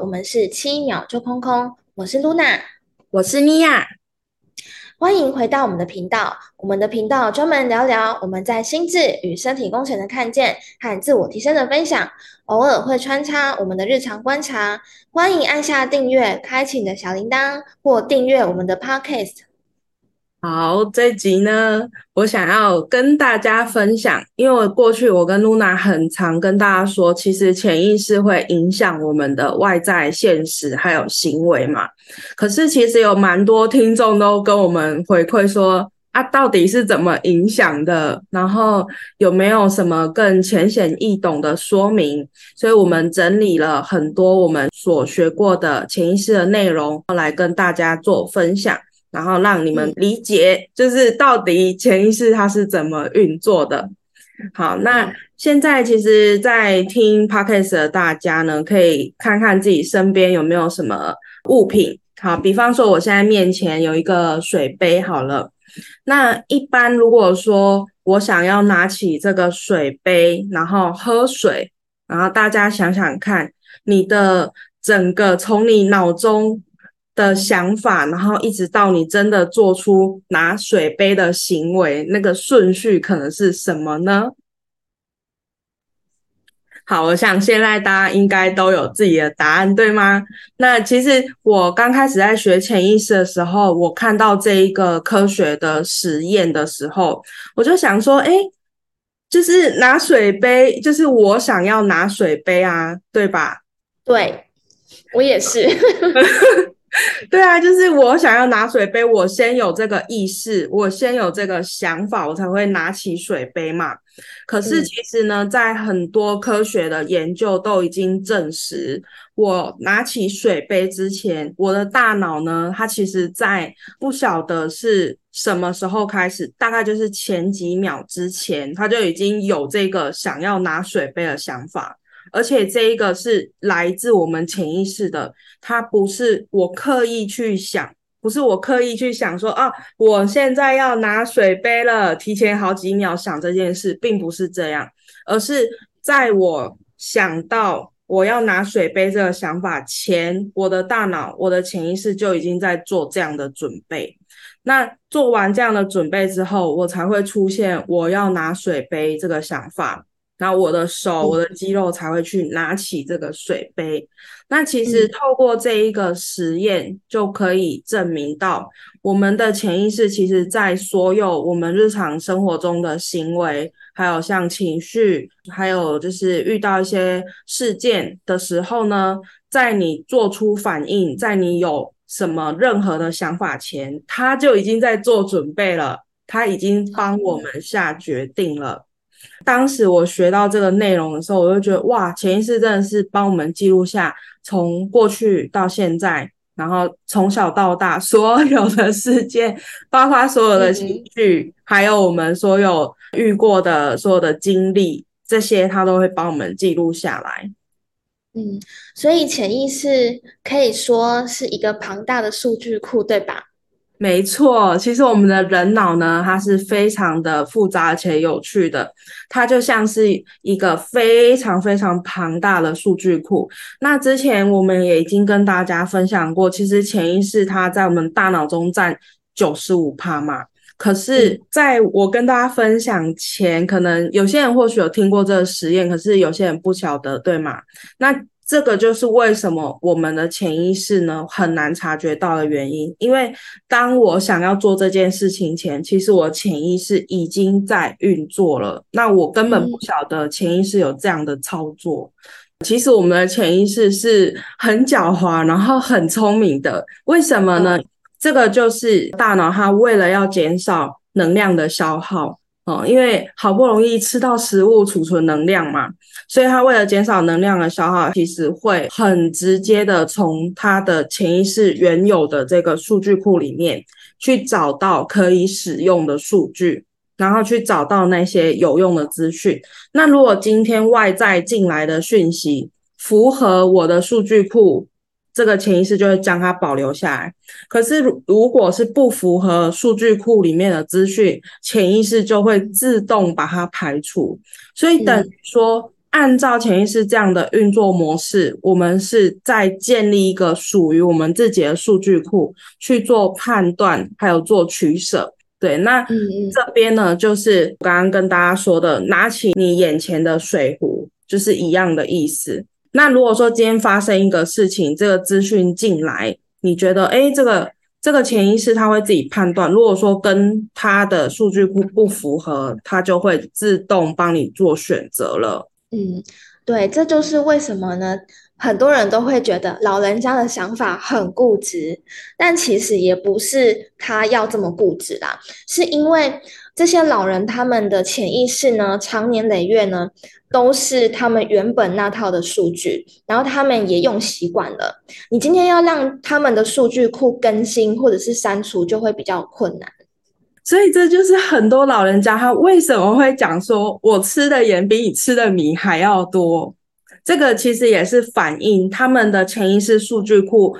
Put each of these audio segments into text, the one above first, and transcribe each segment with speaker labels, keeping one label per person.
Speaker 1: 我們是七秒就空空，我是露娜，我是尼婭。歡迎回到我們的頻道，我們的頻道專門聊聊我們在心智與身體工程的看見和自我提升的分享，偶爾會穿插我們的日常觀察。歡迎按下訂閱，開啟你的小鈴鐺，或訂閱我們的 Podcast。
Speaker 2: 好，這集呢，我想要跟大家分享，因為過去我跟露娜很常跟大家說，其實潛意識會影響我們的外在現實還有行為嘛。可是其實有蠻多聽眾都跟我們回饋說，啊，到底是怎麼影響的？然後有沒有什麼更淺顯易懂的說明？所以我們整理了很多我們所學過的潛意識的內容，來跟大家做分享。然後讓你們理解，就是到底潛意識它是怎麼運作的。好，那現在其實，在聽 podcast 的大家呢，可以看看自己身邊有沒有什麼物品。好，比方說我現在面前有一個水杯好了。那一般如果說我想要拿起這個水杯，然後喝水，然後大家想想看，你的整個從你腦中。的想法，然後一直到你真的做出拿水杯的行為，那個順序可能是什麼呢？好，我想現在大家應該都有自己的答案，對嗎？那其實我剛開始在學潛意識的時候，我看到這一個科學的實驗的時候，我就想說，誒，就是拿水杯，就是我想要拿水杯啊，對吧？對，
Speaker 1: 我也是。
Speaker 2: 對啊，就是我想要拿水杯，我先有這個意識，我先有這個想法，我才會拿起水杯嘛。可是其實呢，在很多科學的研究都已經證實，我拿起水杯之前，我的大腦呢，它其實在不曉得是什麼時候開始，大概就是前幾秒之前，它就已經有這個想要拿水杯的想法。而且這一個是來自我們潛意識的，它不是我刻意去想，不是我刻意去想說啊，我現在要拿水杯了，提前好幾秒想這件事，並不是這樣，而是在我想到我要拿水杯這個想法前，我的大腦，我的潛意識就已經在做這樣的準備。那做完這樣的準備之後，我才會出現我要拿水杯這個想法。然後我的手、我的肌肉才會去拿起這個水杯。那其實透過這一個實驗，就可以證明到我們的潛意識，其實，在所有我們日常生活中的行為，還有像情緒，還有就是遇到一些事件的時候呢，在你做出反應，在你有什麼任何的想法前，他就已經在做準備了，他已經幫我們下決定了。當時我學到這個內容的時候，我就覺得哇，潛意識真的是幫我們記錄下從過去到現在，然後從小到大所有的事件，包括所有的情緒、嗯，還有我們所有遇過的所有的經歷，這些他都會幫我們記錄下來。
Speaker 1: 嗯，所以潛意識可以說是一個龐大的數據庫，對吧？
Speaker 2: 沒錯，其實我們的人腦呢，它是非常的複雜且有趣的，它就像是一個非常非常龐大的數據庫。那之前我們也已經跟大家分享過，其實潛意識它在我們大腦中占九十五趴嘛。可是在我跟大家分享前，嗯，可能有些人或許有聽過這個實驗，可是有些人不曉得，對嗎？那。這個就是為什麼我們的潛意識呢，很難察覺到的原因，因為當我想要做這件事情前，其實我的潛意識已經在運作了，那我根本不曉得潛意識有這樣的操作。嗯、其實我們的潛意識是很狡猾，然後很聰明的。為什麼呢？嗯、這個就是大腦它為了要減少能量的消耗。哦，因為好不容易吃到食物儲存能量嘛，所以它為了減少能量的消耗，其實會很直接的從它的潛意識原有的這個數據庫裡面去找到可以使用的數據，然後去找到那些有用的資訊。那如果今天外在進來的訊息符合我的數據庫，這個潛意識就會將它保留下來，可是如如果是不符合數據庫裡面的資訊，潛意識就會自動把它排除。所以等於說，按照潛意識這樣的運作模式，我們是在建立一個屬於我們自己的數據庫去做判斷，還有做取捨。對，那這邊呢，就是我剛剛跟大家說的，拿起你眼前的水壺，就是一樣的意思。那如果說今天發生一個事情，這個資訊進來，你覺得，誒，這個這個潛意識他會自己判斷，如果說跟他的數據庫不，不符合，他就會自動幫你做選擇了。
Speaker 1: 嗯，對，這就是為什麼呢？很多人都會覺得老人家的想法很固執，但其實也不是他要這麼固執啦，是因為。這些老人他們的潛意識呢，長年累月呢，都是他們原本那套的數據，然後他們也用習慣了。你今天要讓他們的數據庫更新或者是刪除，就會比較困難。
Speaker 2: 所以這就是很多老人家他為什麼會講說：“我吃的鹽比你吃的米還要多。”這個其實也是反映他們的潛意識數據庫。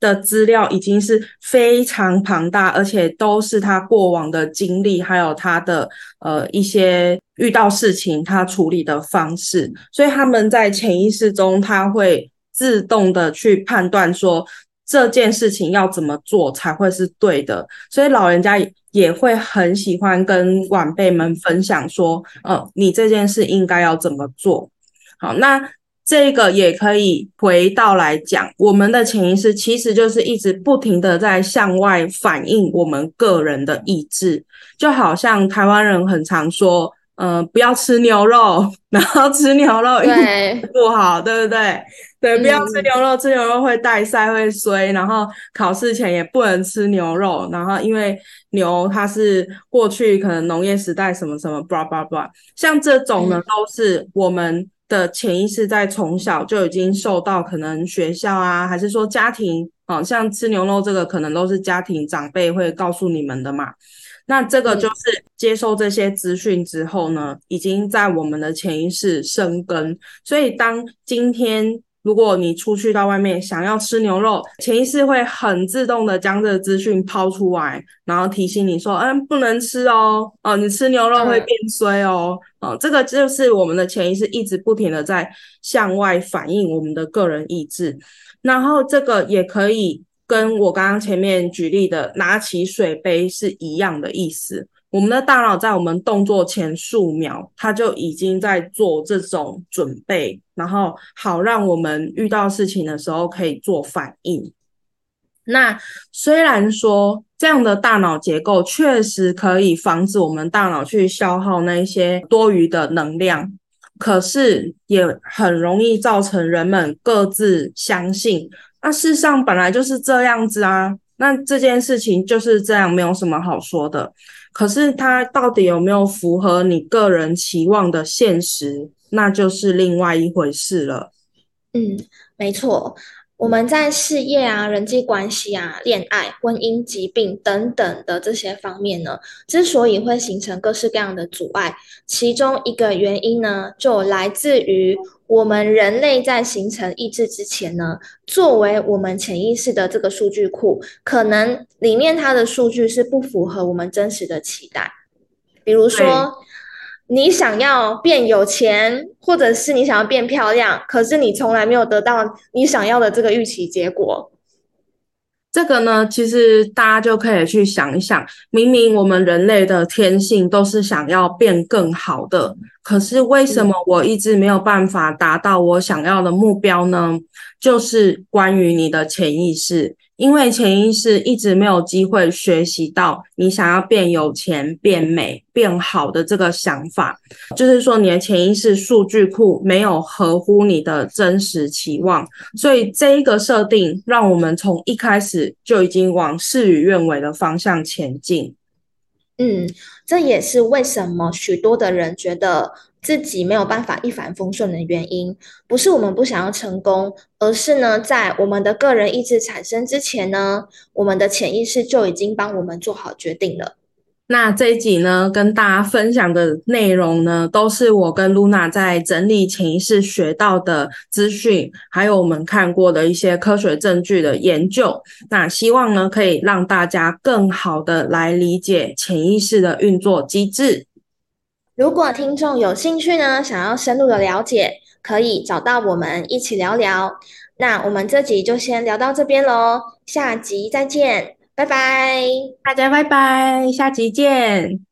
Speaker 2: 的資料已經是非常龐大，而且都是他過往的經歷，還有他的呃一些遇到事情他處理的方式，所以他們在潛意識中，他會自動的去判斷說，這件事情要怎麼做才會是對的，所以老人家也會很喜歡跟晚輩們分享說，呃，你這件事應該要怎麼做。好，那。這個也可以回到來講，我們的潛意識其實就是一直不停地在向外反映我們個人的意志，就好像台灣人很常說，嗯、呃，不要吃牛肉，然後吃牛肉因為不好對，對不對？對、嗯，不要吃牛肉，吃牛肉會帶塞會衰，然後考試前也不能吃牛肉，然後因為牛它是過去可能農業時代什麼什麼，巴拉巴拉，像這種呢都是我們、嗯。的潛意識在從小就已經受到可能學校啊，還是說家庭啊、哦，像吃牛肉這個，可能都是家庭長輩會告訴你們的嘛。那這個就是接受這些資訊之後呢，嗯、已經在我們的潛意識生根。所以當今天。如果你出去到外面想要吃牛肉，潛意識會很自動的將這個資訊拋出來，然後提醒你說：“嗯，不能吃哦，哦，你吃牛肉會變衰哦，哦，這個就是我們的潛意識一直不停的在向外反映我們的個人意志。然後這個也可以跟我剛剛前面舉例的拿起水杯是一樣的意思。”我們的大腦在我們動作前數秒，它就已經在做這種準備，然後好讓我們遇到事情的時候可以做反應。那雖然說這樣的大腦結構確實可以防止我們大腦去消耗那些多餘的能量，可是也很容易造成人們各自相信，那事實上本來就是這樣子啊，那這件事情就是這樣，沒有什麼好說的。可是，它到底有沒有符合你個人期望的現實，那就是另外一回事了。
Speaker 1: 嗯，沒錯。我們在事業啊、人際關係啊、戀愛、婚姻、疾病等等的這些方面呢，之所以會形成各式各樣的阻礙，其中一個原因呢，就來自於我們人類在形成意志之前呢，作為我們潛意識的這個數據庫，可能裡面它的數據是不符合我們真實的期待，比如說。嗯你想要變有錢，或者是你想要變漂亮，可是你從來沒有得到你想要的這個預期結果。
Speaker 2: 這個呢，其實大家就可以去想一想，明明我們人類的天性都是想要變更好的。可是為什麼我一直沒有辦法達到我想要的目標呢？就是關於你的潛意識，因為潛意識一直沒有機會學習到你想要變有錢、變美、變好的這個想法。就是說，你的潛意識數據庫沒有合乎你的真實期望，所以這一個設定讓我們從一開始就已經往事與願違的方向前進。嗯，這也是為什麼許多的人
Speaker 1: 覺得自己沒有辦法一帆風順的原因。不是我們不想要成功，而是呢，在我們的個人意志產生之前呢，我們的潛意識就已經幫我們做好決定了。
Speaker 2: 那這一集呢，跟大家分享的內容呢，都是我跟嚕那在整理潛意識學到的資訊，還有我們看過的一些科學證據的研究。那希望呢，可以讓大家更好的來理解潛意識的運作機制。如果
Speaker 1: 聽眾有興趣呢，想要深入的了解，可以找到我們一起聊聊。那我們這集就先聊到這邊嘍，下集再見。拜拜，大家拜拜，下集見。